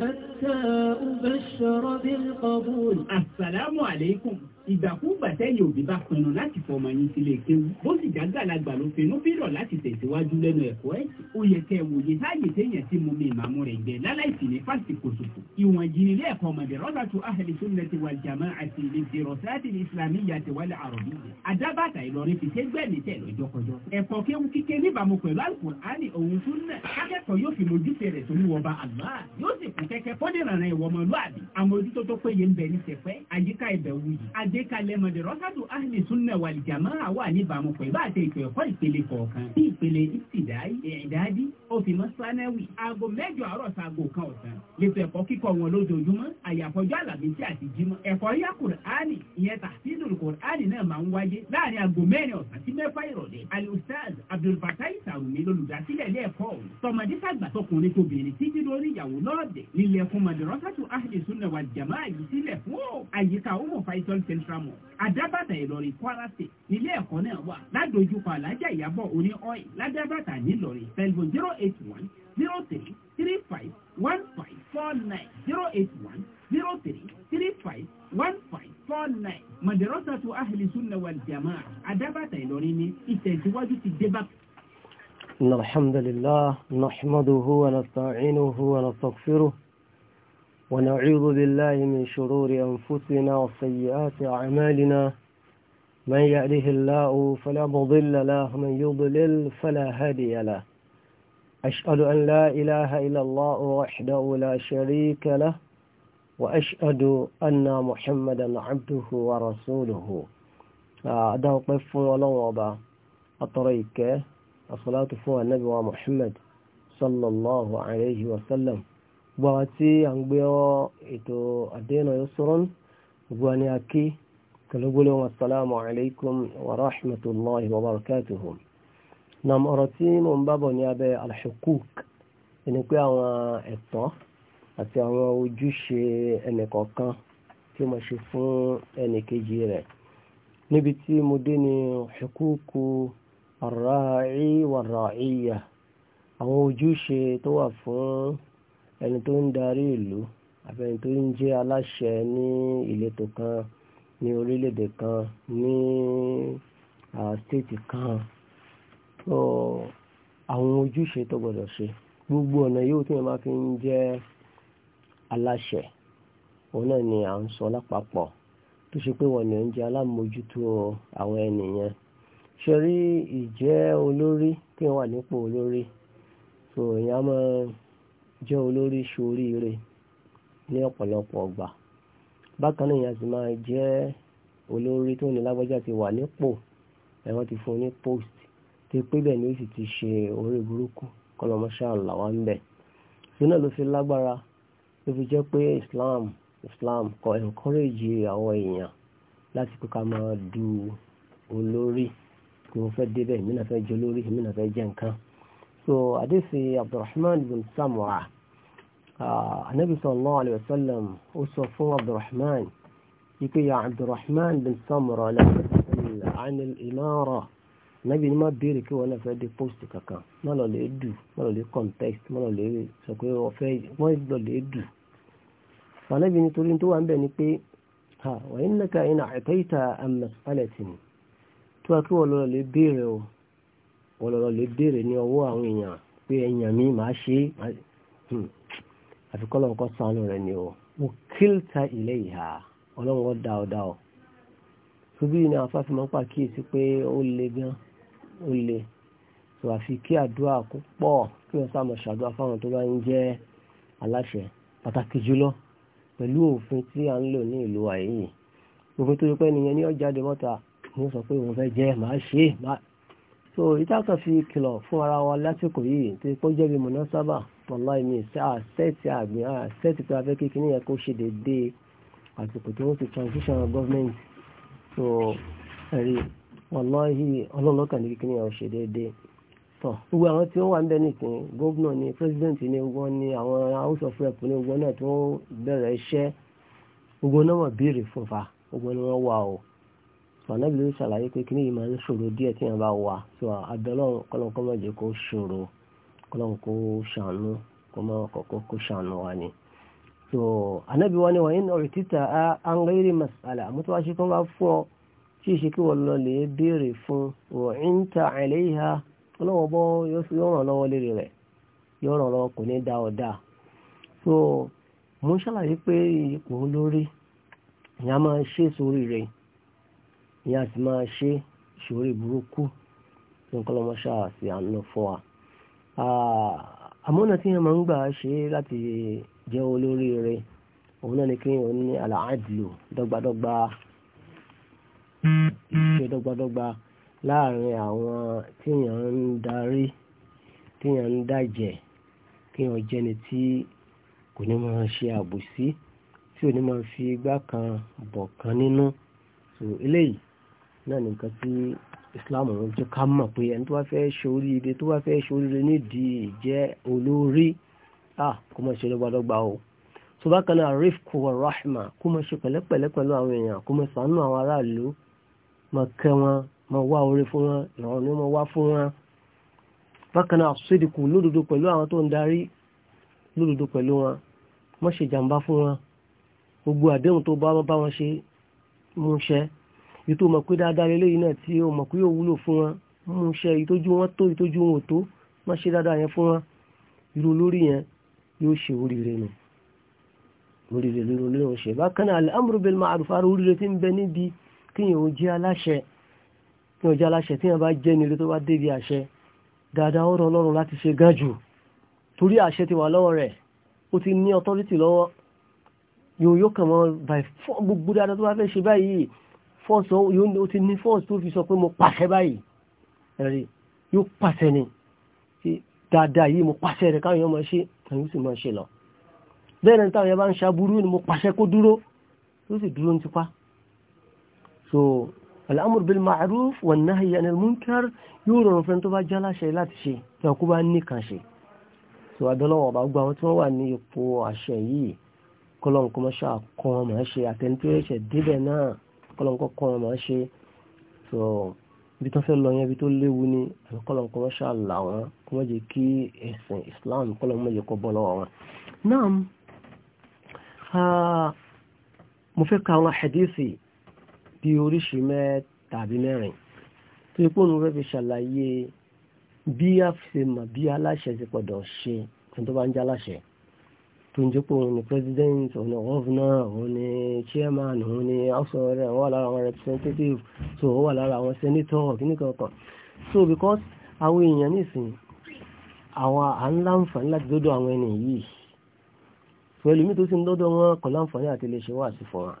حتى أبشر بالقبول السلام عليكم ìgbàkúgbà tẹ́yìn òbí bá pinnu láti fọmọ yín sílé kéwú bó sì jágàlagbà ló finú fírọ̀ láti tẹ̀síwájú lẹ́nu ẹ̀kọ́ ẹ̀ ó yẹ kẹ́ ẹ wòye láàyè téèyàn tí mo mi ìmàmú rẹ̀ gbẹ láláìsí ní fásitì kò sòfò ìwọ̀n ìjìnlẹ̀ ẹ̀kọ́ ọmọdé rọ́dà tó ahli sunnati wal jama'ati lè fi rọ̀sáàtì islamiyyati wal arabiyyati adábàtà Ìlọrin fi ṣe gbẹ̀mí tẹ̀ lọ́jọ́kọjọ́ ẹ̀kọ́ kéwú tó wọba àlá yóò sì kún kẹ́kẹ́ ní sẹ̀fẹ́ àyíká àgbékalẹ̀ madrasatu ahli sunna wal jamaa wà níbàámu pẹ̀lú àti ètò ẹ̀kọ́ ìpele kọ̀ọ̀kan bí ìpele ìsìdáì ẹ̀ẹ́dáàdì òfìmọ̀ sanáwì aago mẹ́jọ àárọ̀ sago kan ọ̀sán lẹ́tọ̀ ẹ̀kọ́ kíkọ́ wọn lójoojúmọ́ àyàfọ́jọ́ àlàmísì àti jímọ̀ ẹ̀kọ́ yá kùránì ìyẹn tàfíìdùn kùránì náà máa ń wáyé láàrin aago mẹ́rin ọ̀sán sí mẹ́fà ìrọ̀lẹ́ alustaz abdulfatai Àrùnmí lolùdásílẹ̀ ilé ẹ̀kọ́ ọ̀hún tọmọdé tàgbà tọkùnrin tóbìnrin títí lórí ìyàwó lọ́ọ̀dẹ̀ nílẹ̀ fún madrasatu ahli sunna wal yìí sílẹ̀ fún ọ́ àyíká Umu Faisal Central Mall Adábàtà Ìlọrin Kwara State nílé ẹ̀kọ́ náà wà ládojúkọ Alájà Ìyábọ̀ oní ọ́ì ládábàtà nílọrin telephone zero eight one zero three three five one five four nine zero eight one zero three three five one five four nine madrasatu ahli sunna wal Adábàtà Ìlọrin ní ìtẹ̀síwájú ti dé bá إن الحمد لله نحمده ونستعينه ونستغفره ونعوذ بالله من شرور أنفسنا وسيئات أعمالنا من يأله الله فلا مضل له من يضلل فلا هادي له أشهد أن لا إله إلا الله وحده لا شريك له وأشهد أن محمدا عبده ورسوله آه، أدعو قف ولوضع أطريكه asọ́látù fún anabi wa muhammad sallallahu alayhi wa sallam gbogbo àwọn tí a ń gbé ọ ètò àdéhùn ọyọ sọ̀rọ̀ gbogbo àni aké kẹlẹgbọlẹ wọn asalaamu alaykum wa rahmatulahi wa barakatuhu nam ọ̀rọ̀ tí mo ń bábọ̀ ní abẹ́ alhukuk ẹni pé àwọn ẹ̀tọ́ àti àwọn ojúṣe ẹnìkọ̀ọ̀kan tí mo ṣe fún ẹnìkejì rẹ̀ níbi tí mo dé ní hukuku ar-ra'i war-ra'iyya àwọn ojúṣe tó wà fún ẹni tó ń darí ìlú àbí ẹni tó ń jẹ́ aláṣẹ ní ìletò kan ní orílẹ̀-èdè kan ní stéètì kan tó àwọn ojúṣe tó gbọdọ̀ ṣe gbogbo ọ̀nà yóò tí wọ́n bá fi ń jẹ́ aláṣẹ òun náà ni à ń sọ lápapọ̀ tó ṣe pé wọ́n ní ń jẹ́ alámòjútó àwọn ènìyàn ṣe rí ìjẹ́ olórí kí wọ́n wà nípò olórí so èèyàn máa jẹ́ olórí ṣoríire ní ọ̀pọ̀lọpọ̀ ọgbà bákan náà èèyàn sì máa jẹ́ olórí tó ní lágbájá ti wà nípò ẹ̀wọ́n ti fún ní post ti pé bẹ́ẹ̀ ni ó sì ti ṣe orí burúkú kọlọmọṣẹ́ àlàwà ń bẹ̀ sínú ló fi lágbára ló fi jẹ́ pé Islam Islam kọ encourage àwọn èèyàn láti kó ká máa du olórí kí mo fẹ́ débẹ̀ èmi náà fẹ́ jẹ olórí èmi fẹ́ jẹ nǹkan so àdéhùn abdulrahman bin samura anabi sallallahu alayhi wa sallam ó sọ fún abdulrahman yíkẹ́ ya abdulrahman bin samura anil imara anabi ni má béèrè kí wọn náà fẹ́ dé post kankan má lọ lè dù má lọ lè context má lọ lè sọ pé wọ́n fẹ́ wọ́n lọ lè dù anabi nítorí tó wà ń bẹ̀ ni pé ha wà ní nàka iná àtẹ́yìtà àmàlẹ́tì ni tó a kí wọ́n lọ́ọ́ lè béèrè o wọ́n lọ́ọ́ lè béèrè ní ọwọ́ àwọn èèyàn pé ẹ̀yàn mi máa ṣe hmm. àfikọ́ lọ́wọ́ kọ́ sànù rẹ̀ ni o mo kílta ilé ìhà ọlọ́wọ́ dáadáa o ṣubí ni àwọn fáfimọ́ pàkíyèsí pé ó le gan ó le tó àfi kí àdúrà púpọ̀ kí wọ́n sá mọ̀ ṣàdúrà fáwọn tó bá ń jẹ́ aláṣẹ pàtàkì jùlọ pẹ̀lú òfin tí a ń lò ní ìlú àyè òfin tó yẹ pé nìyẹn ní ọjà dèmọ́ta mo sọ pé òun fẹ́ jẹ́ màá ṣe é màá so ìtàkà fi kìlọ̀ fún ara wa lásìkò yìí tí kò jẹ́ bí mọ̀nà sábà pọ̀lá ìmí àṣẹ́ẹ̀tì àgbìn àṣẹ́ẹ̀tì pé afẹ́ kékeré yẹn kó ṣe déédéé àsìkò tí wọ́n ti transition government so ẹ̀rí wàláhì ọlọ́lọ́kàn ní kékeré yẹn ó ṣe déédéé tọ̀ gbogbo àwọn tí wọ́n wà ń nìkan gómìnà ni president ni wọ́n ni àwọn house of rep ni wọ́n náà tí wọ́n bẹ̀rẹ̀ iṣẹ́ gbogbo náà wọ́n béèrè fún fa gbogbo náà wọ́n wà ó mànàbí ló ṣàlàyé pé kíní yìí máa ń ṣòro díẹ̀ tí wọ́n bá wà tí wọ́n abẹ́lọ́ kọ́lọ́n kọ́ mọ̀jẹ́ kó ṣòro kọ́lọ́n ṣàánú kó mọ̀ kọ́kọ́ kó ṣàánú wa ni. so anabi wa ni wàyí náà títà á masala àmútí wàá ṣe kí wọ́n bá fún ọ tí ìṣe kí wọ́n lọ lè béèrè fún wọ́n ta àìlẹ́yà ọlọ́wọ́ bọ́ yóò lọ́wọ́ lérí rẹ̀ yóò so mo ṣàlàyé pé ipò lórí ìyá máa ṣe Ni a sì máa ṣe ìṣòro burúkú ní kọ́lọ́mọṣá àti àánú fún wa. àmọ́nà tí yẹn máa ń gbà ṣe láti jẹ́ olórí rẹ òun náà ni kí yẹn ní àlàádìlò dọ́gbadọ́gba ṣe dọ́gbadọ́gba láàrin àwọn tí yẹn ń darí tí yẹn ń dàjẹ́ kí yẹn jẹ́ni tí kò ní máa ṣe àbòsí tí ò ní máa fi igbá kan bọ̀ kan nínú so eléyìí náà nìkan tí islam ń jẹ́ ká mọ̀ pé ẹni tó bá fẹ́ ṣoríire tó bá fẹ́ ṣoríire nídìí ìjẹ́ olórí kó mọ̀ ṣe lọ́gbàdọ́gba o tó bá kan náà rifku wa rahma kó mọ̀ ṣe pẹ̀lẹ́pẹ̀lẹ́ pẹ̀lú àwọn èèyàn kó mọ̀ ṣàánú àwọn aráàlú mọ̀ kẹ́ wọn mọ̀ wá orí fún wọn ìrànwọ́ ni mọ̀ wá fún wọn bákan náà sídìkù lódodo pẹ̀lú àwọn tó ń darí lódodo pẹ̀lú wọn mọ́ ṣe jàǹbá fún wọn gbogbo àdéhùn tó bá wọn ṣe múṣẹ́ èyí tó mọ̀ pé dáadáa lélẹ́yìí náà tí o mọ̀ pé yóò wúlò fún wọn mú ṣe ìtọ́jú wọn tó ìtọ́jú wọn ò tó má ṣe dáadáa yẹn fún wọn irú olórí yẹn yóò ṣe oríire nù oríire lórí olórí wọn ṣe bákan náà al-amru bil ma'ruf ara oríire tí ń bẹ níbi kíyàn ó jẹ́ aláṣẹ kíyàn jẹ́ aláṣẹ tíyàn bá jẹ́ nílé tó bá débi àṣẹ dáadáa ọ̀rọ̀ ọlọ́run láti ṣe gan torí àṣẹ ti wà lọ́wọ́ rẹ̀ ó ti ní authority lọ́wọ́ yóò yóò kàn mọ́ gbogbo dáadáa tó bá fẹ́ ṣe báyìí fọ́ọ̀sì yóò ti ní fọ́ọ̀sì tó fi sọ pé mo pàṣẹ báyìí ẹ̀rí yóò pàṣẹ ni dáadáa yìí mo pàṣẹ rẹ̀ káwọn èèyàn máa ṣe àwọn yóò sì máa ṣe lọ bẹ́ẹ̀ ni táwọn èèyàn bá ń ṣaburú ni mo so al'amur bil ma'ruf wan nahyi anil munkar yóò rọrùn fẹ́ tó tí wọn kó bá ní kan so adọ́lọ́wọ̀ bá gbọ́ àwọn tí wọ́n wà ní ipò àṣẹ yìí kọ́lọ́n kan máa ṣe àtẹnitẹ́rẹ́ṣẹ̀ débẹ̀ náà kọ́lọ́nkọ́ kọ́ wọn máa ṣe tó ibi tó fẹ́ lọ yẹn ibi tó Islam kọ́lọ́nkọ́ wọ́n jẹ́ kó bọ́ lọ́wọ́ wọn. náà mo fẹ́ ka àwọn hadithi bí oríṣi mẹ́ta tàbí mẹ́rin tó ipò òun fẹ́ fi ṣàlàyé bí a fi mọ̀ bí aláṣẹ ti gbọ́dọ̀ ṣe ẹni tó bá ń jẹ́ aláṣẹ tó ń jẹ́pọ̀ òun ni president òun ni governor òun ni chairman òun ni house of rep wà lára àwọn representative so ó wà lára àwọn senator kíní kankan so because àwọn èèyàn nísìnyí àwọn à ń láǹfààní láti dọ́dọ̀ àwọn ẹni yìí pẹ̀lú mi tó sì ń dọ́dọ̀ wọn kò láǹfààní àti lè ṣe wá sí fún wa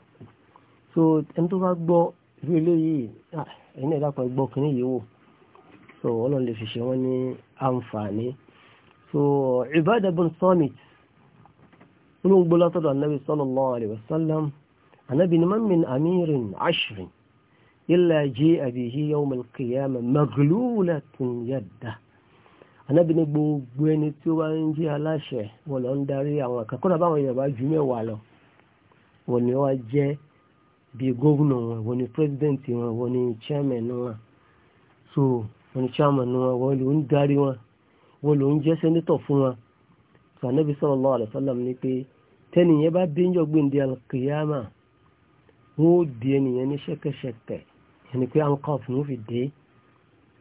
so ẹni tó bá gbọ́ irú eléyìí ẹni ẹ̀dá kan gbọ́ kíní yìí wò so ọlọ́run lè fi ṣe wọ́n ní àǹfààní so Ubadah bin summit olóhùn gbọ́ látọ̀dọ̀ anabi sallallahu alayhi wa sallam anabi ni man min amirin ashrin illa ji'a bihi yawm al-qiyamah maghlulatan yadahu anabi ni gbogbo ẹni tí ó bá ń jẹ́ aláṣẹ wọn ń darí àwọn àkàkọ́nà báwọn yorùbá ju mẹ́wàá lọ wọn ni wọ́n jẹ́ bíi gómìnà wọn wọn ni president wọn wọn ni chairman wọn so wọn ni chairman wọn wọn ló ń darí wọn wọn ló ń jẹ́ senator fún wọn so anabi sallallahu alaihi wasallam ni pé tẹ́nìyàn bá dé ńjọ́ gbèǹde alkiyama wọ́n ó di ẹnìyàn ní ṣẹ́kẹ́ṣẹkẹ̀ ẹni pé ankaf ni ó fi dé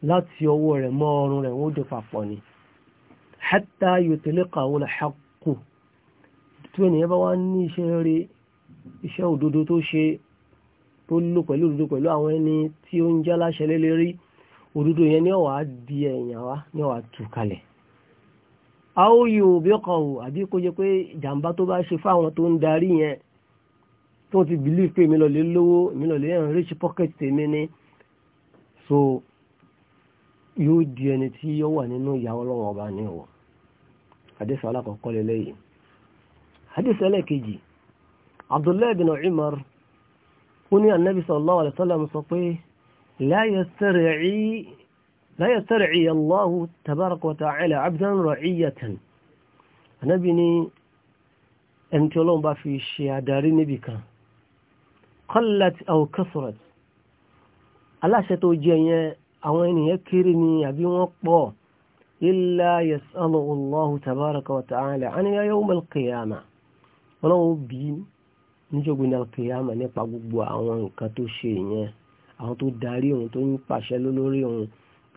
láti ọwọ́ rẹ̀ mọ́ ọrùn rẹ̀ wọ́n ó dé papọ̀ ni hatta yutliqa wala haqqu tí ẹnìyàn bá wá ní iṣẹ́ rí iṣẹ́ òdodo tó ṣe tó lò pẹ̀lú òdodo pẹ̀lú àwọn ẹni tí ó ń jẹ́ láṣẹ lélẹ́rí òdodo yẹn ni ó di ẹ̀yàn wá ni ó wá kalẹ̀ a ó yí òbí ọkọ̀ ò àbí kó jẹ́ pé jàǹbá tó bá ṣe fáwọn tó ń darí yẹn tó ti believe pé èmi lọ́lẹ́ lówó èmi lọ́lẹ́ ẹ̀rọ rich pocket tèmi ni so yóò di ẹni tí yóò wà nínú ìyàwó lọ́wọ́ ọba ní ọ̀wọ́ hadith alákọ̀ọ́kọ́ lélẹ́yìn hadith ẹlẹ́kejì abdullahi bin umar ó anabi sallallahu alayhi wa sallam sọ pé la yasri'i la yastari'i Allahu tabaraka wa ta'ala abdan ra'iyatan anábì ní ẹni tí ọlọ́run bá fi ṣe adarí níbì kan qallat aw kathurat aláṣẹ tó jẹ yẹn àwọn ènìyàn kéré ni àbí wọ́n pọ̀ illa yas'alu Allahu tabaraka wa ta'ala an ya yawm al-qiyamah ọlọ́run bí níjọ́gbìn al-qiyamah nípa gbogbo àwọn nǹkan tó ṣe yẹn àwọn tó darí òun tó ń pàṣẹ lólórí òun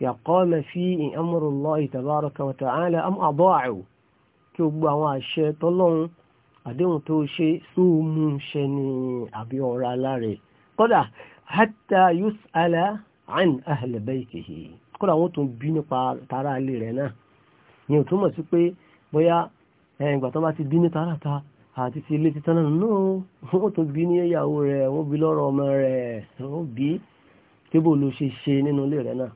يقام في أمر الله تبارك وتعالى أم أضاعوا kí o gbọ́ àwọn àṣẹ tọ́lọ́run àdéhùn tó ṣe sóòmù ṣe ni àbí ọ̀rọ̀ aláre kódà hatta yus'ala an ahli baytihi kódà wọ́n tún bí nípa tara ilé rẹ̀ náà ni ò túmọ̀ sí pé bóyá ìgbà tó bá ti bí ní tààràtà àti ti ilé títán náà náà wọ́n tún bí ní ìyàwó rẹ̀ wọ́n bí lọ́rọ̀ ọmọ rẹ̀ wọ́n bí kébò ló ṣe ṣe nínú ilé rẹ̀ náà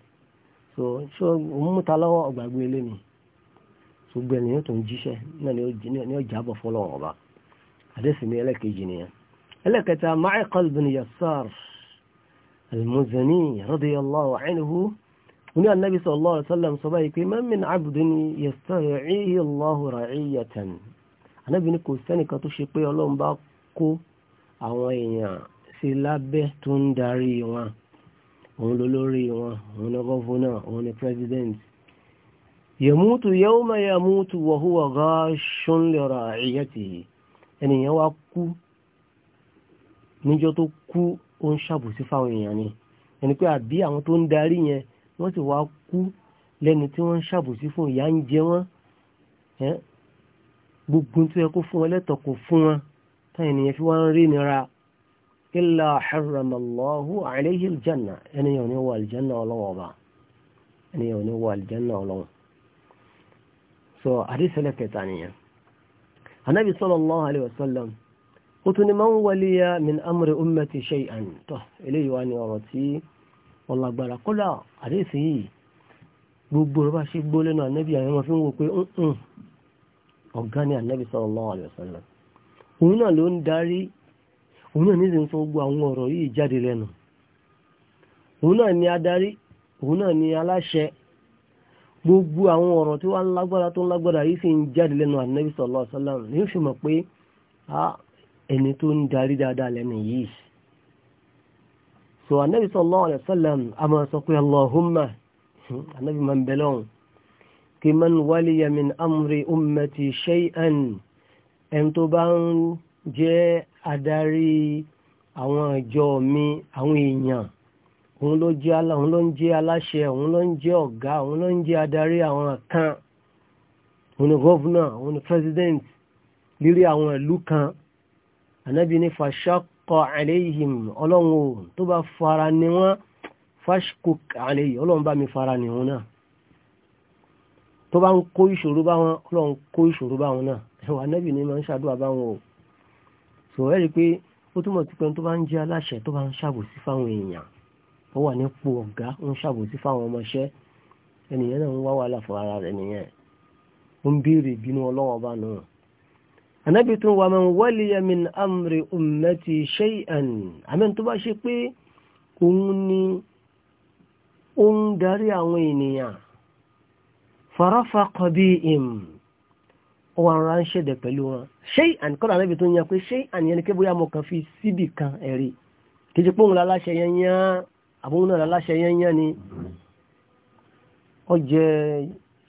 so ṣó múta lọ́wọ́ ọgbàgbé ilé mi ṣùgbọ́n ẹni yóò tó ń jíṣẹ́ náà ni ó jábọ̀ fọlọ́wọ́n ọba àdéhùn ní ẹlẹ́kejì nìyẹn ẹlẹ́kẹta Ma'qil bin Yasar al-Muzani radiyallahu anhu ní annabi sallallahu alaihi wasallam sọ báyìí pé man min abdin yastari'ihi Allahu ra'iyatan annabi ní kò sẹ́nìkan tó ṣe pé ọlọ́run bá kó àwọn èèyàn sí lábẹ́ tó ń darí wọn òun lólórí wọn òun ni gọ́fúnà òun ni president yẹmútu yawma yẹmútu wa huwa ghashun li ra'iyatihi ẹnìyàn wá kú níjọ́ tó kú ó ń ṣàbòsí fáwọn èèyàn ni ẹni pé àbí àwọn tó ń darí yẹn wọ́n sì wá kú lẹ́ni tí wọ́n ń ṣàbòsí fún ìyà ń jẹ wọ́n gbogbo tó yẹ kó fún wọn lẹ́tọ̀ọ́ kò fún wọn táyà ènìyàn fi wá ń rí nira ilà haramallahu alayhi aljanna ẹnìyàn ò ní wọ aljanna ọlọ́wọ́ ọba ẹnìyàn ò ní wọ aljanna ọlọ́wọ́ so àdísẹ́lẹ̀ kẹta nìyẹn anábì sallallahu alayhi wa sallam ó tún ni man waliya min amri ummati shay'an tó eléyìí wá ní ọ̀rọ̀ tí wọ́n lágbára kódà àdísẹ́ yìí gbogbo ọba ṣe gbólé náà anábì àwọn ọmọ fi ń wo pé ọ̀gá ni anábì sallallahu alayhi wa sallam òun náà òun náà nílùú fún gbogbo àwọn ọ̀rọ̀ yìí jáde lẹ́nu òun náà ni adarí òun náà ni aláṣẹ gbogbo àwọn ọ̀rọ̀ tí wọ́n lágbára tó lágbára yìí sì ń jáde lẹ́nu ànábì ní fi mọ̀ pé ẹni tó ń darí dáadáa lẹ́nu so ànábì sallallahu alaihi a máa sọ pé máa ń bẹ amri ummati tó adarí àwọn ìjọ mi àwọn èèyàn òun ló jẹ́ òun ló ń jẹ́ aláṣẹ òun ló ń jẹ́ ọ̀gá òun ló ń jẹ́ adarí àwọn kan òun ni gọ́vùnà òun ni president lílé àwọn ìlú kan ànábì ní fàṣàkọ àlẹ́yìn ọlọ́run o tó bá fara ni wọ́n fàṣkùk àlẹ́yìn ọlọ́run bá mi fara ni wọn náà tó bá ń kó ìṣòro bá wọn ọlọ́run kó ìṣòro bá wọn náà ẹ̀wọ̀n ànábì ní máa ń ṣàdúrà bá o so ẹ rí i pé ó túmọ̀ sí pé tó bá ń jẹ́ aláṣẹ tó bá ń ṣàbòsí fáwọn èèyàn ó wà nípò ọ̀gá ń ṣàbòsí fáwọn ọmọọṣẹ́ ẹnìyẹn náà ń wá wàhálà fún ara rẹ̀ nìyẹn ó ń béèrè ìbínú ọlọ́wọ́ bá náà ànábì tún wà man waliya min amri ummati shay'an àmín tó bá ṣe pé òun ni ó ń darí àwọn ènìyàn farafaqa bihim ó wà rọra ń ṣẹ̀dẹ̀ pẹ̀lú wọn ṣé àníkọ́dà lẹ́bi tó yan pé ṣé àníyàn ni pé bóyá mo kàn fi síbì kan ẹ̀rí kìí ṣe pé òun láláṣẹ yẹn yán náà láláṣẹ yẹn ni ó jẹ́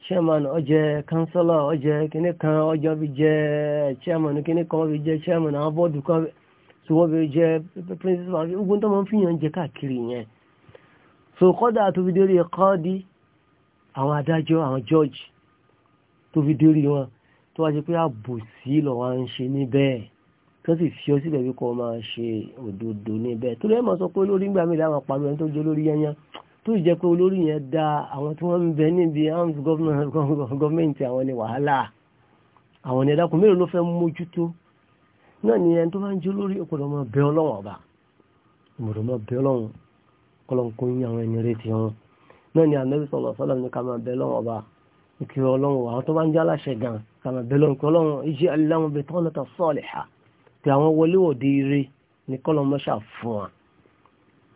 chairman ó jẹ́ councillor ó jẹ́ kíní kan ó jẹ́ bí jẹ́ chairman kíní kan bí jẹ́ chairman àwọn bọ́ọ̀dù kan tí wọ́n bí jẹ́ principal ogun tó máa ń fi yàn jẹ káàkiri yẹn so kọ́dà tó fi délé kọ́ọ́dí àwọn adájọ́ àwọn judge tó fi délé wọn tó wá jẹ́ pé àbòsí lọ wá ń ṣe níbẹ̀ tó sì fi ọ síbẹ̀ wípé ọ máa ṣe òdodo níbẹ̀ tó lè mọ̀ sọ pé olórí gbàmí làwọn pàmò ẹni tó jẹ́ olórí yẹn yẹn tó jẹ́ pé olórí yẹn da àwọn tí wọ́n ń bẹ níbi arms gọ́ọ̀mẹ̀ntì àwọn ni wàhálà àwọn ni ẹ̀dákun mélòó ló fẹ́ mójútó náà ni ẹni tó bá ń jẹ́ olórí ọ̀pọ̀lọpọ̀ máa bẹ ọlọ́run ọba ọ̀pọ̀lọpọ̀ máa bẹ ọlọ́run kọlọ́nkó yín àwọn ẹni retí wọn náà ni ànábì sallallahu alaihi ní ká máa bẹ ọlọ́run ọba ìkìrọ̀ ọlọ́run àwọn tó bá ń jẹ́ aláṣẹ gan-an kàmà bẹ̀lọ̀ nǹkan ọlọ́run iṣẹ́ aláwọn bẹ̀ tán lọ́ta sọ́ọ̀lẹ̀ha pé àwọn wọléwọ̀de eré ní kọ́lọ́mọ́ṣà fún wa.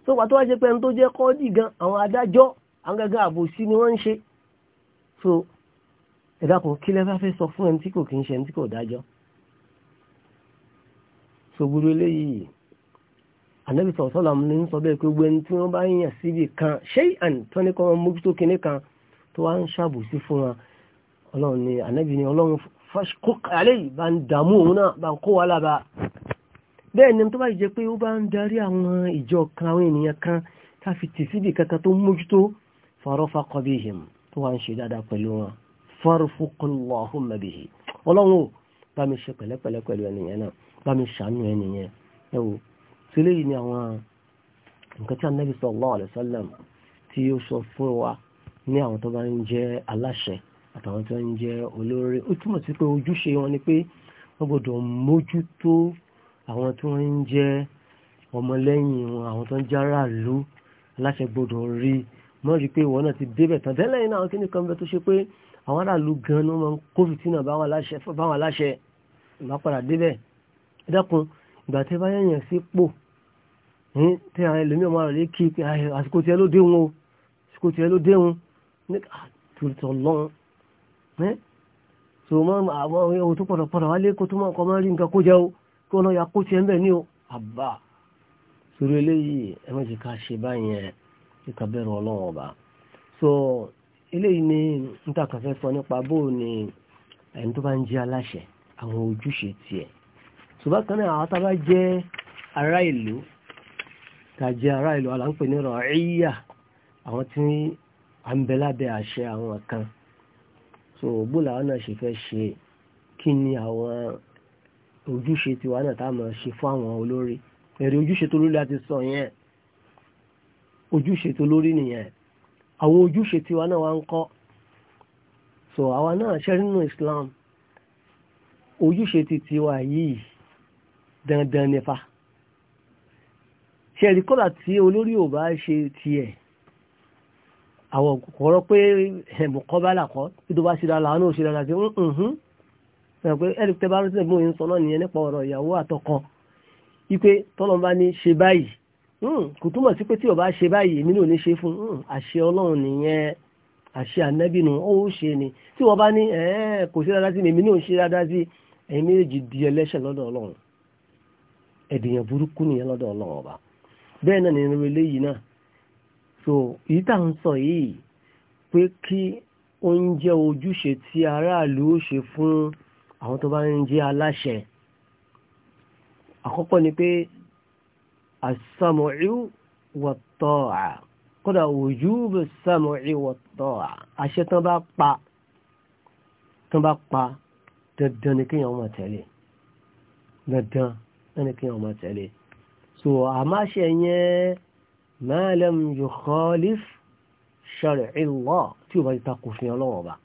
tó pàtó wá ṣe pé ẹni tó jẹ́ kọ́ọ́dì gan àwọn adájọ́ àwọn àbòsí ni wọ́n ń ṣe. so ẹ dákun kí lẹ́ bá fẹ́ sọ fún ẹni tí kò kì í ṣe ẹni tí kò dájọ́. so gbogbo eléyìí ànábì sọ̀sọ́là ní sọ bẹ́ẹ̀ pé gbogbo ẹni tí wọ́n bá yàn síbi kan ṣé àn tó ní kọ́ mọ́jútó ọlọ́run ni ànábì ni ọlọ́run fashkuk alayhi bá ń dààmú òun náà bá ń kó wa lába bẹ́ẹ̀ ni tó bá jẹ́ pé ó bá ń darí àwọn ìjọ kan àwọn ènìyàn kan ká fi tì síbi kankan tó mójútó farafaqa bihim tó wá ń ṣe dáadáa pẹ̀lú wọn farfuqun Allahumma bihi ọlọ́run ò bá mi ṣe pẹ̀lẹ́pẹ̀lẹ́ pẹ̀lú ẹnìyẹn náà bá mi ṣàánú ẹnìyẹn ẹ tí eléyìí ni àwọn nǹkan tí anábì sallallahu alaihi wasallam tí ó sọ fún wa ní àwọn tó bá ń jẹ́ aláṣẹ àtàwọn tó ń jẹ́ olórí ó túmọ̀ sí pé ojúṣe wọn ni pé wọ́n gbọ́dọ̀ mójútó àwọn tó ń jẹ́ ọmọlẹ́yìn wọn àwọn tó ń jẹ́ aráàlú aláṣẹ gbọ́dọ̀ rí mọ́ rí pé ìwọ náà ti débẹ̀ tán tẹ́lẹ̀ iná àwọn kíní kan bẹ tó ṣe pé àwọn aráàlú gan ni wọ́n kó fìtínà báwọn aláṣẹ ìbá padà débẹ̀ dákun ìgbà tẹ́ bá yẹ̀yàn sípò tẹ́ àwọn ẹlòmíràn máa rẹ̀ kí àsìkò tiẹ̀ ló dé wọn o àsìkò tiẹ̀ ló dé wọn ní àtúntò ah, lọ́run so ma àwọn ohun tó padà padà wálé kó tó máa kọ́ kó jẹ́ o kí wọ́n ya kó tiẹ̀ ń ní o àbá sórí eléyìí ká ṣe báyẹn bẹ̀rù ọba so eléyìí ni sọ nípa ni ẹni tó bá ń jẹ́ a bá jẹ́ ará ìlú tàjẹ ará ìlú aláǹpẹ̀ ní rọ̀ ẹ̀yà àwọn tí ń bẹ lábẹ́ àṣẹ kan so bó làwọn náà ṣe fẹ́ ṣe kí ni àwọn ojúṣe tiwa náà tá a máa ṣe fún àwọn olórí èrè ojúṣe tó lórí láti sọ yẹn ojúṣe tó lórí nìyẹn àwọn ojúṣe tiwa náà wá ń kọ́ so àwa náà ṣe nínú Islam ojúṣe ti tiwa yìí dandan nípa ṣe rí kọ́lá tí olórí ò bá ṣe tiẹ̀ àwọn kọ̀ọ̀rọ̀ pé ẹ̀mù eh, kọ́ bá làkọ́ tí tó bá ṣe dára àánú ṣe dára sí ǹhún ẹ̀rọ pé ẹ̀rì tẹ́ bá rí sílẹ̀ bóyá ń sọ náà nìyẹn nípa ọ̀rọ̀ ìyàwó àtọkọ ipe tọ́lọ́n bá ní ṣe báyìí kò túmọ̀ sí pé tí ó bá ṣe báyìí èmi náà ní ṣe fún àṣẹ ọlọ́run nìyẹn àṣẹ ànábì nù ó ṣe ni tí wọ́n bá ní kò ṣe dáadáa sí mi èmi náà ṣe dáadáa so yìí tá ń sọ yìí pé kí oúnjẹ ojúṣe tí aráàlú ó ṣe fún àwọn tó bá ń jẹ́ aláṣẹ àkọ́kọ́ ni pé àsàmọ̀rí wọ̀tọ́à kódà òjú bẹ̀ sàmọ̀rí wọ̀tọ́à àṣẹ tán bá pa tán bá pa dandan ni kíyàn máa tẹ̀lé dandan ni kíyàn máa tẹ̀lé so àmáṣe yẹn ma lam yukhalif shar'i Allah tí ó bá ti takò fi ọlọ́run ọba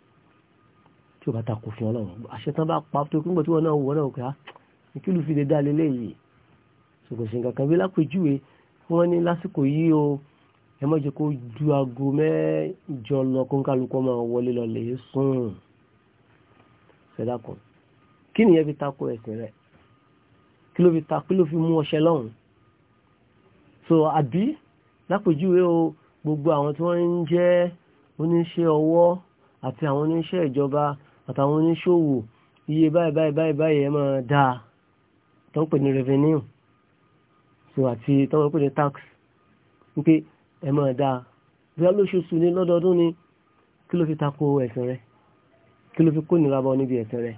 tí ó bá takò fi ọlọ́run àṣẹ tán bá pa tó kúngbọ̀ tí wọ́n náà wọ́n náà kà ní ah, kí ló fi lè dá lélẹ̀ yìí ṣùgbọ́n ṣe nǹkan kan bí lápèjúwe wọ́n ní lásìkò yìí o ẹ má jẹ́ kó ju aago mẹ́jọ lọ kó ń kálukọ́ máa wọlé lọ lè sùn ṣẹ̀dákùn kí nìyẹn fi takò ẹ̀sìn rẹ̀ kí ló fi takò kí ló fi mú ọṣẹ lọ́hùn so àbí lápèjúwe o gbogbo àwọn tí wọ́n ń jẹ́ oníṣẹ́ ọwọ́ àti àwọn oníṣẹ́ ìjọba àtàwọn oníṣòwò iye báyìí báyìí báyìí báyìí ẹ máa dá tó ń pè ní revenue so àti tó ń pè ní tax wípé ẹ máa dá bí olóṣooṣù ní lọ́dọọdún ni kí ló fi tako ẹ̀sìn rẹ kí ló fi kó nira bọ níbi ẹ̀sìn rẹ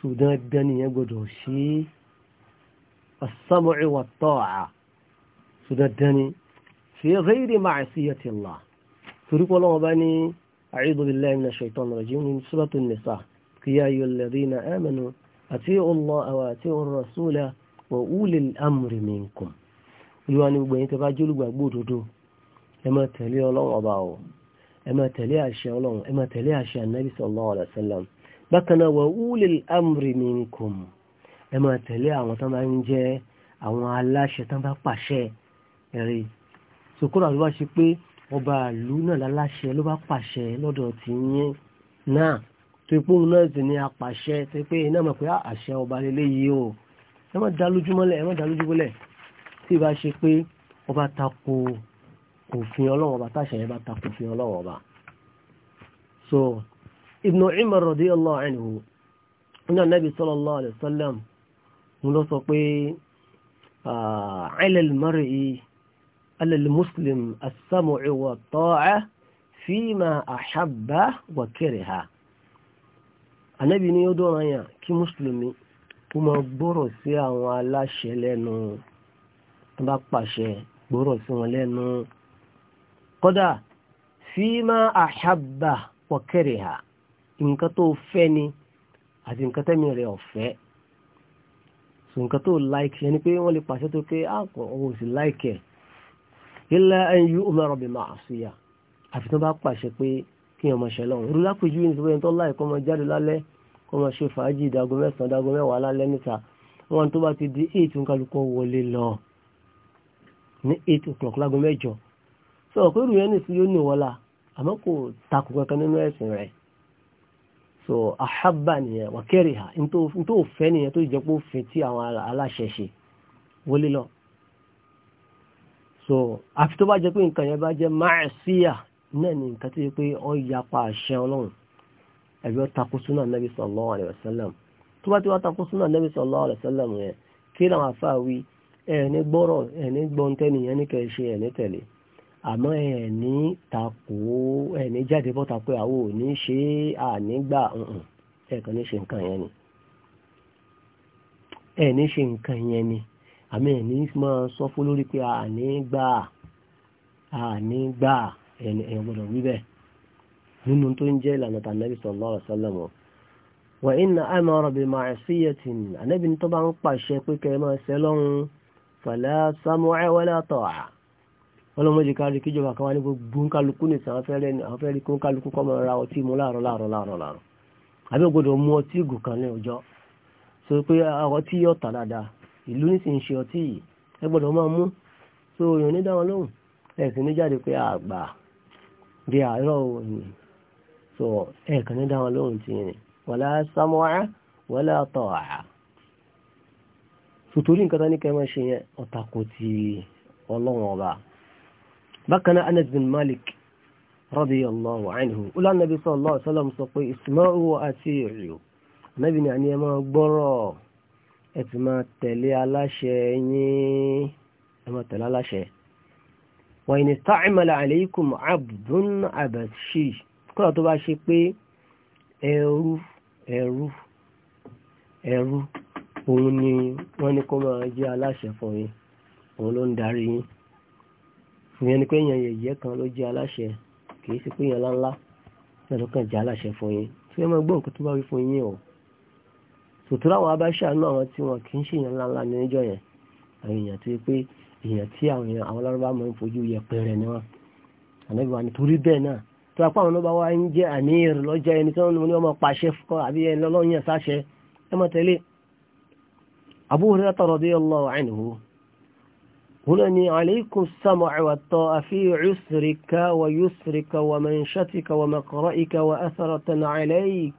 so dandan nìyẹn gbọdọ̀ ṣe as-sam'u wa at-ta'a so dandan ni fi ghairi ma'siyati Allah torí pé ọlọ́wọ́ bá ní a'udhu billahi minash shaitanir rajim ní suratul nisa kí ya ayyuhal ladhina amanu ati'u Allaha wa ati'u rasula wa ulil amri minkum olúwa ní gbogbo yín tẹ́ bá jólùgbàgbọ́ òdodo ẹ máa tẹ̀lé ọlọ́wọ́ ọba o ẹ máa tẹ̀lé àṣẹ ọlọ́run ẹ máa tẹ̀lé àṣẹ ànábì sallallahu alaihi wasallam bákan wa ulil amri minkum ẹ máa tẹ̀lé àwọn tán bá ń jẹ́ àwọn aláṣẹ tán bá pàṣẹ sòkòrò àlọ́ wá ṣe pé ọba ìlú náà láláṣẹ ló bá pàṣẹ lọ́dọ̀ tí yín náà tó ipò òun náà sì ni apàṣẹ tó pé iná mọ̀ pé ah, àṣẹ ọba lélẹ́yìí o ẹ má dá lójúmọ́lẹ̀ ẹ má dá lójúmọ́lẹ̀ tí ìbá ṣe pé ọba tako òfin ọlọ́wọ́ ọba yẹn bá tako òfin ọlọ́wọ́ ọba. so Ibn Umar radiyallahu anhu ní Ànábì sallallahu alaihi wasallam mo lọ sọ pé ah, ala al-mar'i على المسلم السمع والطاعة فيما أحب وكره Ànábì ní ó dọ́ran yàn kí mùsùlùmí kó máa gbọ́rọ̀ sí àwọn aláṣẹ lẹ́nu tó bá pàṣẹ gbọ́rọ̀ sí wọn lẹ́nu kódà fíìmá àṣàbà pọ̀kẹ́rẹ̀ ha nǹkan tó fẹ́ ni àti nǹkan tẹ́mi rẹ̀ ọ̀fẹ́ so nǹkan tó láìkì ẹni pé wọ́n lè pàṣẹ tó pé àkọ́ òun sì láìkì ẹ̀ ilẹ̀ ẹ̀yìn yóò máa ma máa ya àfi tó bá pàṣẹ pé kí ọmọ ṣẹ lọ irú lápèjúwe ní nítorí tó láì kọ́ jáde lálẹ kọmọ ọmọ ṣe fàájì ìdágo mẹ́sàn-án bá ti di eight nkálukọ wọlé lọ ní eight o'clock lágo mẹ́jọ sọ pé yẹn nìsí yóò ní wọlá kankan nínú rẹ so ha nìyẹn tó pé ó àwọn wọlé lọ so àfi tó bá jẹ́ pé nǹkan yẹn bá jẹ́ máàsíyà náà ni nǹkan tó yẹ pé ó yapa àṣẹ ọlọ́run ẹ̀bí ó tako súnà nẹ́bí wasallam tó bá ti wá tako súnà nẹ́bí sallallahu wasallam yẹn kí Ẹni tako Ẹni jáde bọ́ta pé àwọn ṣe ànígbà ní ṣe nǹkan ni ṣe nǹkan yẹn ni àmì ẹ̀ ní máa sọ fún lórí pé àní gbà àní gbà ẹ̀yàn gbọ́dọ̀ wí bẹ́ẹ̀ nínú tó ń jẹ́ ìlànà tànàbí sallallahu alaihi wasallam wa inna amara bi ma'siyatin ànábì tó bá ń pàṣẹ pé kẹ́ máa ṣẹ lọ́run fala sam'a wala ta'a ọlọ́mọdé kárí kíjọba kan wá ní gbogbo kálukú nìsàn afẹ́rẹ́ ah, tà dáadáa ìlú nísìnyí ṣe ọtí yìí ẹ gbọ́dọ̀ máa mú so èèyàn ní dáwọn lóhùn ẹ̀sìn ní jáde pé àgbà bí àárọ̀ òní so ẹ̀ẹ̀kan ní dáwọn lóhùn ti rìn wala sam'a wala ta'a sòtòrí nǹkan tán ní kẹ́ máa ṣe yẹn ọ̀tàkùn ti ọlọ́run ọba bákan náà Anas bin Malik radiyallahu anhu ọlá nàbí sallallahu alaihi wasallam sọ pé isma'u wa ati'u nàbí ni àníyàn máa gbọ́rọ̀ ẹ ti máa tẹ̀lé aláṣẹ yín ẹ máa tẹ̀lé aláṣẹ. wàyìn ta'amala alaykum abdun abashi kódà tó bá ṣe pé ẹrú ẹrú ẹrú òun ni wọ́n ní kó máa jẹ́ aláṣẹ fún yín òun ló ń darí yín ìyẹn ni pé èèyàn yẹ̀yẹ́ kan ló jẹ́ aláṣẹ kì í ṣe pé èèyàn láńlá náà ló jẹ́ aláṣẹ fún yín tí wọ́n máa gbọ́ nǹkan tó bá wí fún yín o sòtúrà wà bá ṣàánú àwọn tí wọn kì í ṣe èèyàn ńláńlá ní níjọ yẹn àwọn èèyàn tó yẹ pé èèyàn tí àwọn èèyàn àwọn lárúbá máa ń fojú yẹpẹrẹ ni wọn ànábì wa ni torí bẹ́ẹ̀ náà tó apá àwọn ọba wa ń jẹ àníyàn lọ́jọ́ ẹni tí wọn ní ọmọ pàṣẹ fún ọ àbí ẹni lọ́lọ́run yẹn sáṣẹ ẹ mọ tẹ̀lé Abu Hurairah radiyallahu عليكم السمع والطاعة في ويسرك ومنشتك ومقرئك وأثرة عليك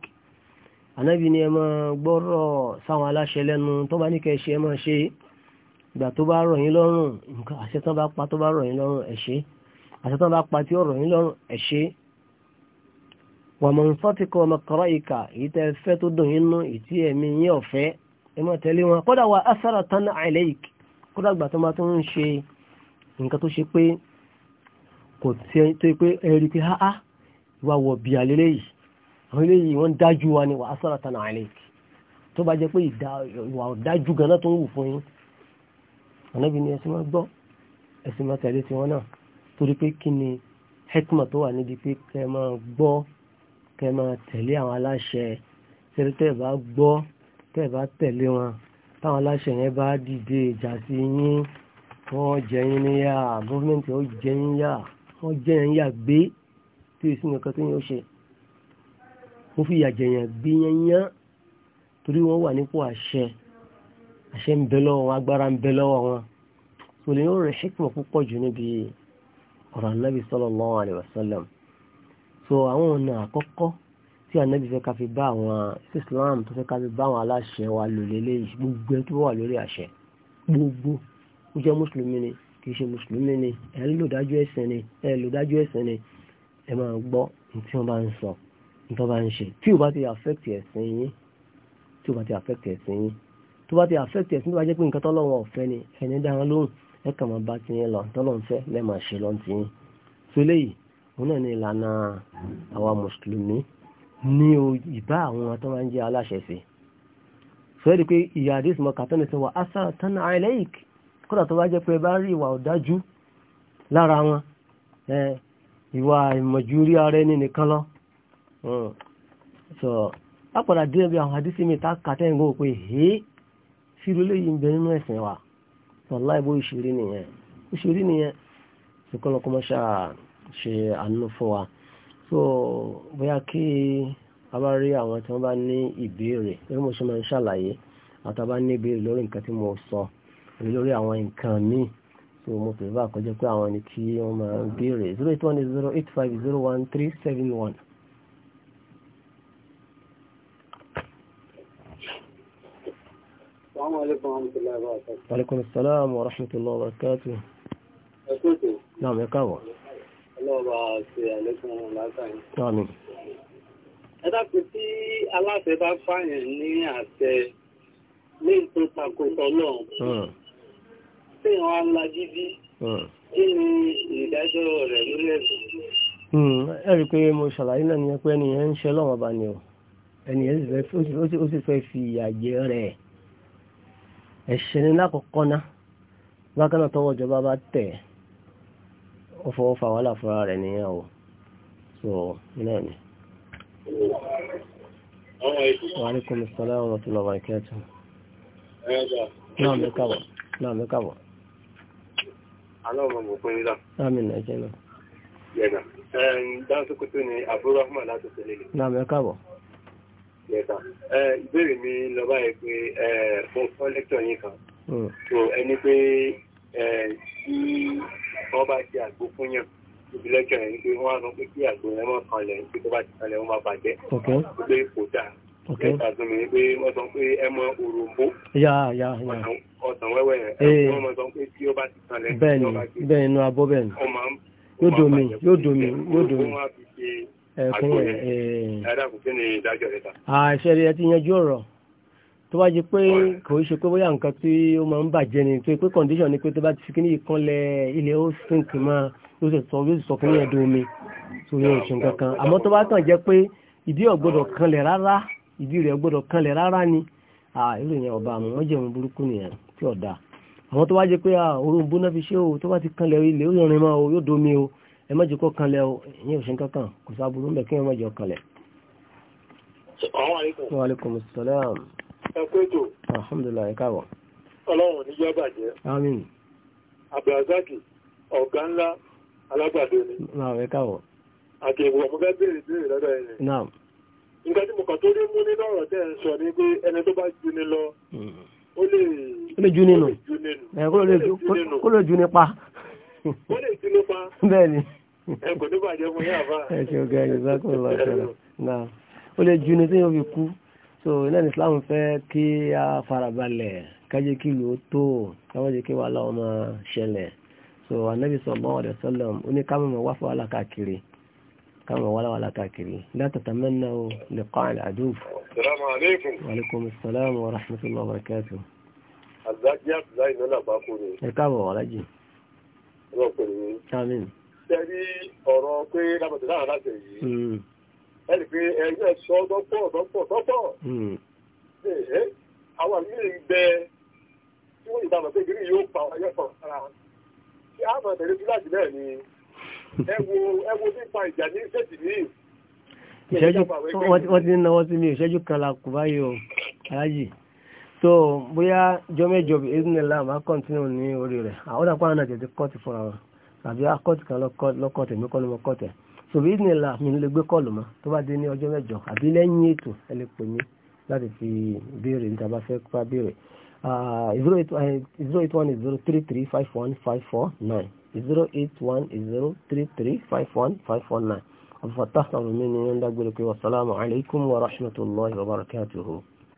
ànábì ni ẹ máa gbọ́rọ̀ sáwọn aláṣẹ lẹ́nu tó bá ní kẹ́ẹ̀ṣẹ́ ẹ máa ṣe ìgbà tó bá rọ̀ yín lọ́rùn nǹkan àṣẹ tán bá pa tó bá rọ̀ yín lọ́rùn ẹ ṣe àṣẹ tán bá pa tí ó rọ̀ yín lọ́rùn ẹ ṣe wà mọ̀ nfọ́tìkọ̀ ọmọkọ̀rọ̀ ìkà èyí tẹ́ fẹ́ tó dùn yín ìtí ẹ̀mí yín ọ̀fẹ́ ẹ máa wọn kódà wà ására tán àìlẹ́yìk kódà gbà tó máa tó ń ṣe nǹkan tó ṣe pé kò tó pé ẹ pé háá ìwà wọ̀ bìà lélẹ́yìí àwọn eléyìí wọ́n dájú wa ni wà á sọ̀rọ̀ tán àlẹ́ tó bá jẹ́ pé ìwà ọ̀dájú gan-an tó ń wù fún yín ànábì ni ẹ̀sìn máa gbọ́ ẹ̀sìn máa tẹ̀lé tiwọn náà torí pé kí ni hekima tó wà níbi pé kẹ́ máa gbọ́ kẹ́ máa tẹ̀lé àwọn aláṣẹ tẹ́lẹ̀ tẹ́ bá gbọ́ tẹ́ bá tẹ̀lé wọn táwọn aláṣẹ yẹn bá dìde ìjà sí yín wọ́n jẹ yín níyà gọ́ọ̀mẹ̀ntì ó jẹ yín yà wọ́n jẹ yín yà gbé tí èsì nìkan tó yín ó ṣe ó fi ìyàjẹ̀yàn gbìyànjẹ́ torí wọ́n wà nípò àṣẹ àṣẹ ń bẹ lọ́wọ́ wọn agbára ń bẹ lọ́wọ́ wọn kò lè rẹ̀ ṣíkùmọ̀ púpọ̀ jù níbi ọ̀rọ̀ anábì sallallahu alaihi wasallam so àwọn ọ̀nà àkọ́kọ́ tí anábì fẹ́ ká fi bá àwọn Islam tó fẹ́ ká fi bá àwọn aláṣẹ wa lò lélẹ́yìí gbogbo tó wà lórí àṣẹ gbogbo ó jẹ́ mùsùlùmí ni kìí ṣe mùsùlùmí ni ẹ lòdájú ẹ̀sìn ni ẹ lòdájú ẹ̀sìn ni ẹ máa gbọ́ tí wọ́n bá ń sọ tó bá ń ṣe tí ò bá ti affect ẹ̀sìn yín tí ò bá ti affect ẹ̀sìn yín tó bá ti affect ẹ̀sìn tó bá jẹ́ pé nǹkan tọ́lọ́wọ́ ọ̀fẹ́ ni ẹni dáhùn lóhùn ẹ kàn máa bá ti yín lọ tọ́lọ́hún fẹ́ lẹ́ẹ̀mà ṣe lọ́n ti yín tó léyìí òun náà ni ìlànà àwa mùsùlùmí ní ìbá àwọn tó máa ń jẹ́ aláṣẹ sí sọ èdè pé ìyá àdéhùn mọ́ka tó ní sọ wà ásà tán àìlẹ́yìk kódà tó bá jẹ́ pé bá rí ìwà ọ̀dájú lára wọn ìwà ìmọ̀jú rí ara ẹni nìkan lọ Hmm. so apàdà dé ẹbí àwọn àdísí mi tá kàtẹ́ ìgbó pé hé sírú léyìí ń bẹ nínú ẹ̀sìn wa sọlá ìṣòrí nìyẹn ìṣòrí nìyẹn sọkọlọkọ mọ́ ṣe àánú fún wa so bóyá kí a bá rí àwọn tí wọ́n bá ní ìbéèrè lórí mo ṣe máa ń ṣàlàyé àtàbá ní ìbéèrè lórí nǹkan tí mo sọ èyí lórí àwọn nǹkan míì so mo pè bá àkọjọ pé àwọn ni kí wọ́n máa ń béèrè zero السلام عليكم ورحمة الله وبركاته وعليكم السلام ورحمة الله وبركاته أسمتي نعم يا كاوة الله بارك عليكم ورحمة الله آمين ẹ̀dàkùn tí aláṣẹ bá fàyàn ní àṣẹ ní tó takò tọ́lọ̀ tí wọ́n á lajú bí hmm. kí ni ìdájọ́ rẹ̀ lórí ẹ̀sùn. Hmm. ẹ rí i pé mo ṣàlàyé náà nìyẹn pé ẹnìyẹn ń ṣe lọ́wọ́ bá ní o ẹnìyẹn ó sì fẹ́ fi ìyà jẹ rẹ̀ ẹ̀ṣẹ̀ ní lákọ̀ọ́kọ́ ná bákan náà tọwọ́ ìjọba bá tẹ̀ ó fọwọ́ fa rẹ̀ nìyẹn o so náà ni. wa alaikum assalam wa rahmatullahi wa barakatuh. náà mi kàbọ̀ yẹta ìbéèrè mi lọ báyìí pé mo kọ́ lẹ́kítọ̀ yín kan hmm. so ẹni pé tí wọ́n bá ṣe àgbo fún yàn ibi lẹ́kítọ̀ yẹn pé wọ́n á sọ pé kí àgbo yẹn máa kanlẹ̀ pé tó bá ti kanlẹ̀ wọ́n máa bàjẹ́ pé kò dáa lẹ́tà tó mi pé wọ́n sọ pé ẹ mọ òròmbó ọ̀sán wẹ́wẹ́ yẹn eh. wọ́n sọ pé tí ó bá ti kanlẹ̀ bẹ́ẹ̀ ni bẹ́ẹ̀ ni abọ́ bẹ́ẹ̀ ni yóò domi yóò domi yóò domi ẹkún ẹ ẹ ṣẹ́rí ẹ ti yanjú ọ̀rọ̀ tó bá jẹ́ pé kò í ṣe pé bóyá nǹkan tí ó máa ń bàjẹ́ ni tó pé condition ni pé tó bá ti fi kíní ìkanlẹ̀ ilẹ̀ ó sink máa yóò sì sọ yóò sì sọ kíní ẹ̀dùn omi tó yẹ òṣù kankan àmọ́ tó bá kàn jẹ́ pé ìdí ò gbọ́dọ̀ kanlẹ̀ rárá ìdí rẹ̀ ò gbọ́dọ̀ kanlẹ̀ rárá ni irú ìyẹn ọba àmọ́ wọ́n jẹun burúkú nìyẹn tí ọ̀dà àmọ́ tó bá jẹ́ pé orun bóná fi ṣe o tó bá ti kanlẹ̀ ilẹ̀ ó yọrin máa o yóò domi o ẹ má jẹ́ kó kanlẹ̀ o ìyẹn ò ṣe kankan kò sá burú mẹ́ kí wọ́n má jẹ́ kanlẹ̀. wa alaikum salam. ẹ kú ètò. alhamdulillah ẹ káàbọ̀. ọlọ́run ní yá bàjẹ́. àmín. abdulrasaki ọ̀gá ńlá alágbàdo ni. náà ẹ káàbọ̀. àkèwọ̀ mo fẹ́ béèrè béèrè lọ́dọ̀ yẹn. náà. ó lè ju nínú kó lè ju nípa. ó lè ju nípa. bẹ́ẹ̀ kò ní bàjẹ́ fún yàrá. ẹ o ọgá ẹ ṣe kó lọ ṣẹlẹ náà ó lè ju ni tí yóò fi kú so iná ní Islam fẹ́ kí a farabalẹ̀ kájé kí ìlú tó káwọn jẹ kí wàhálà ọmọ ṣẹlẹ̀ so anabi sallallahu alaihi wasallam ó ní káwọn ọmọ wá fún wàhálà káàkiri káwọn ọmọ wàhálà káàkiri la tatamannaw liqa al-aduw. assalamu alaikum. wa alaikum assalam wa rahmatullahi wa barakatuh. àgbájá àbúrò ìnáwó àbákò ni. ẹ káàbọ̀ wàlájì. ọlọ́pàá ni. àmín tẹ̀rí ọ̀rọ̀ pé lábàtẹ̀ láàrín láti yìí hmm. ẹni pé ẹ̀yìn ẹ̀ṣọ́ dọ́pọ̀ dọ́pọ̀ dọ́pọ̀ hmm. àwọn àmì ìbẹ tí wọ́n ìbámu pé gírí yóò pa ọ̀yẹ́ pọ̀ sára tí a máa tẹ̀lé fúláàtì náà ni ẹ wo ẹ wo nípa ìjà ní ṣèṣì ní ìṣẹ́jú wọ́n ti ń náwó sí mi ìṣẹ́jú kan la kù báyìí o aláàjì so bóyá jọmẹjọ ìdúnnìlá máa kọ́ntínú ní orí rẹ̀ àwọn àpá náà tètè kọ́ ti fọ́ra wọn àbí akọ́tì kan lọ́kọ̀tẹ̀ mi kọ́ ló mọ kọ́tẹ̀ sòbí ní ìlà mi lè gbé kọ́ọ̀lù mọ́ tó bá dé ní ọjọ́ mẹ́jọ àbí lẹ́yìn ètò ẹ lè pè mí láti fi béèrè níta bá fẹ́ pa béèrè ah, eh, zero eight one zero three three five one five four nine zero eight one zero three three five one five four nine àbúfàtà sàrùmí ni ó ń dágbére pé wàsálàmù alaykum wa rahmatulahi wa barakatuhu.